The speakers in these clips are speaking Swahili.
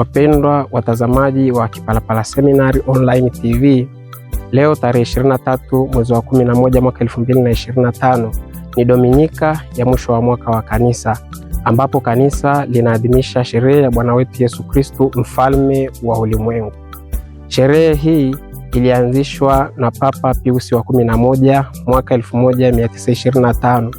Wapendwa watazamaji wa Kipalapala Seminary Online TV, leo tarehe 23 mwezi wa 11 mwaka 2025 ni Dominika ya mwisho wa mwaka wa kanisa, ambapo kanisa linaadhimisha sherehe ya Bwana wetu Yesu Kristo mfalme wa ulimwengu. Sherehe hii ilianzishwa na Papa Piusi wa 11 mwaka 1925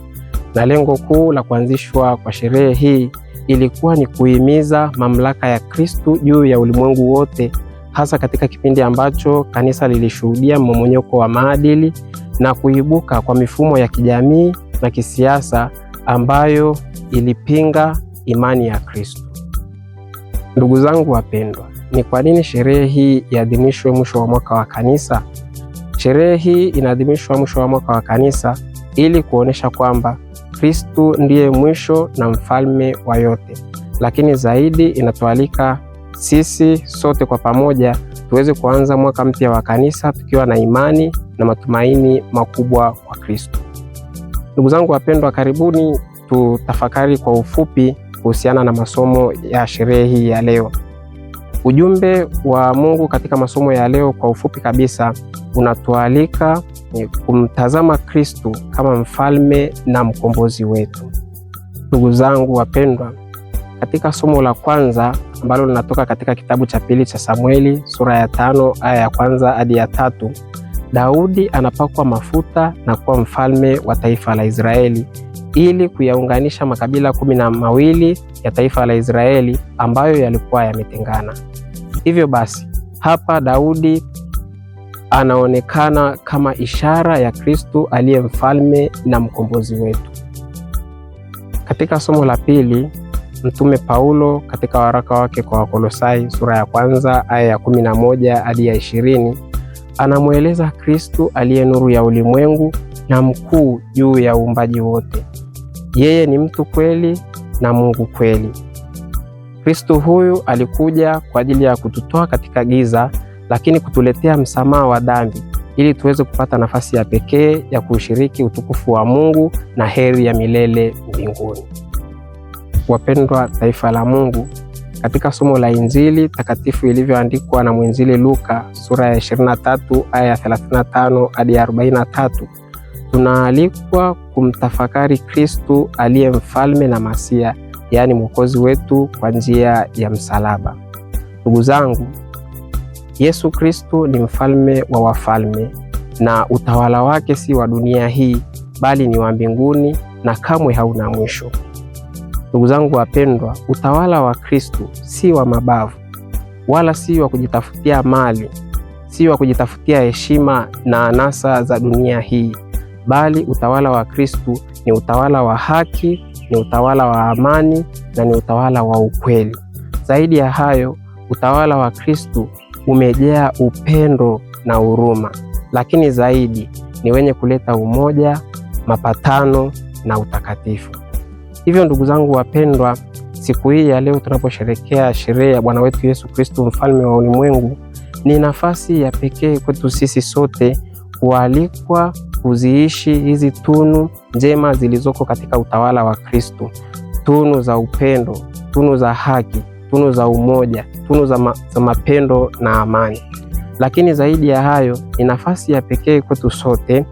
na lengo kuu la kuanzishwa kwa sherehe hii ilikuwa ni kuhimiza mamlaka ya Kristu juu ya ulimwengu wote, hasa katika kipindi ambacho kanisa lilishuhudia mmomonyoko wa maadili na kuibuka kwa mifumo ya kijamii na kisiasa ambayo ilipinga imani ya Kristu. Ndugu zangu wapendwa, ni kwa nini sherehe hii iadhimishwe mwisho wa mwaka wa kanisa? Sherehe hii inaadhimishwa mwisho wa mwaka wa kanisa ili kuonesha kwamba Kristu ndiye mwisho na mfalme wa yote, lakini zaidi inatualika sisi sote kwa pamoja tuweze kuanza mwaka mpya wa kanisa tukiwa na imani na matumaini makubwa kwa Kristo. Ndugu zangu wapendwa, karibuni tutafakari kwa ufupi kuhusiana na masomo ya sherehe hii ya leo. Ujumbe wa Mungu katika masomo ya leo kwa ufupi kabisa unatualika eh, kumtazama Kristu kama mfalme na mkombozi wetu. Ndugu zangu wapendwa, katika somo la kwanza ambalo linatoka katika kitabu cha pili cha Samueli sura ya tano aya ya kwanza hadi ya tatu Daudi anapakwa mafuta na kuwa mfalme wa taifa la Israeli ili kuyaunganisha makabila kumi na mawili ya taifa la Israeli ambayo yalikuwa yametengana. Hivyo basi hapa Daudi anaonekana kama ishara ya Kristu aliye mfalme na mkombozi wetu. Katika somo la pili, Mtume Paulo katika waraka wake kwa Wakolosai sura ya kwanza aya ya 11 hadi ya 20 anamweleza Kristu aliye nuru ya ulimwengu na mkuu juu ya uumbaji wote. Yeye ni mtu kweli na Mungu kweli. Kristo huyu alikuja kwa ajili ya kututoa katika giza, lakini kutuletea msamaha wa dhambi ili tuweze kupata nafasi ya pekee ya kushiriki utukufu wa Mungu na heri ya milele mbinguni. Wapendwa taifa la Mungu, katika somo la Injili takatifu ilivyoandikwa na mwinjili Luka sura ya 23 aya ya 35 hadi 43, tunaalikwa kumtafakari Kristu aliye mfalme na Masia yaani mwokozi wetu kwa njia ya msalaba. Ndugu zangu, Yesu Kristo ni mfalme wa wafalme na utawala wake si wa dunia hii bali ni wa mbinguni na kamwe hauna mwisho. Ndugu zangu wapendwa, utawala wa Kristo si wa mabavu wala si wa kujitafutia mali, si wa kujitafutia heshima na anasa za dunia hii, bali utawala wa Kristo ni utawala wa haki ni utawala wa amani na ni utawala wa ukweli. Zaidi ya hayo, utawala wa Kristu umejaa upendo na huruma, lakini zaidi ni wenye kuleta umoja, mapatano na utakatifu. Hivyo ndugu zangu wapendwa, siku hii ya leo tunaposherekea sherehe ya Bwana wetu Yesu Kristu mfalme wa ulimwengu, ni nafasi ya pekee kwetu sisi sote kualikwa kuziishi hizi tunu njema zilizoko katika utawala wa Kristo, tunu za upendo, tunu za haki, tunu za umoja, tunu za, ma, za mapendo na amani. Lakini zaidi ya hayo, ni nafasi ya pekee kwetu sote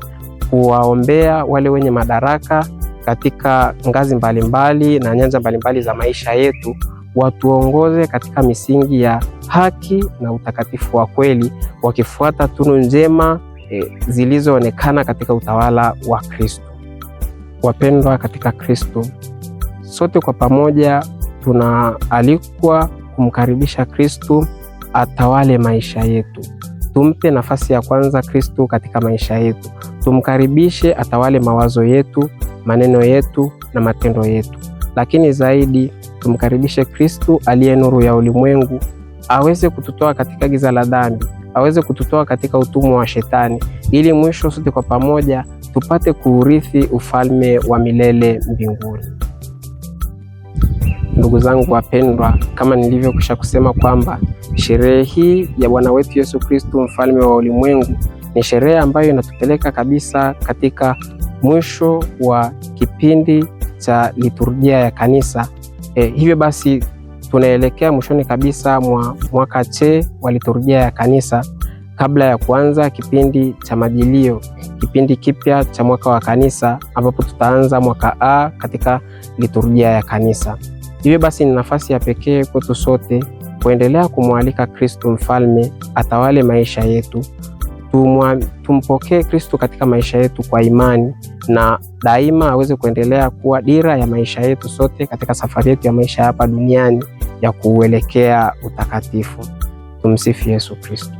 kuwaombea wale wenye madaraka katika ngazi mbalimbali mbali na nyanja mbalimbali za maisha yetu, watuongoze katika misingi ya haki na utakatifu wa kweli, wakifuata tunu njema e, zilizoonekana katika utawala wa Kristo. Wapendwa katika Kristo, sote kwa pamoja tunaalikwa kumkaribisha Kristo atawale maisha yetu. Tumpe nafasi ya kwanza Kristo katika maisha yetu, tumkaribishe atawale mawazo yetu, maneno yetu na matendo yetu, lakini zaidi tumkaribishe Kristo aliye nuru ya ulimwengu aweze kututoa katika giza la dhambi aweze kututoa katika utumwa wa Shetani, ili mwisho sote kwa pamoja tupate kuurithi ufalme wa milele mbinguni. Ndugu zangu wapendwa, kama nilivyokwisha kusema kwamba sherehe hii ya Bwana wetu Yesu Kristo mfalme wa ulimwengu ni sherehe ambayo inatupeleka kabisa katika mwisho wa kipindi cha liturujia ya kanisa. E, hivyo basi tunaelekea mwishoni kabisa mwa mwaka C wa liturujia ya Kanisa kabla ya kuanza kipindi cha Majilio, kipindi kipya cha mwaka wa Kanisa, ambapo tutaanza mwaka A katika liturujia ya Kanisa. Hivyo basi ni nafasi ya pekee kwetu sote kuendelea kumwalika kristu Mfalme atawale maisha yetu. Tumpokee kristu katika maisha yetu kwa imani na daima aweze kuendelea kuwa dira ya maisha yetu sote katika safari yetu ya maisha hapa duniani ya kuuelekea utakatifu. Tumsifu Yesu Kristo.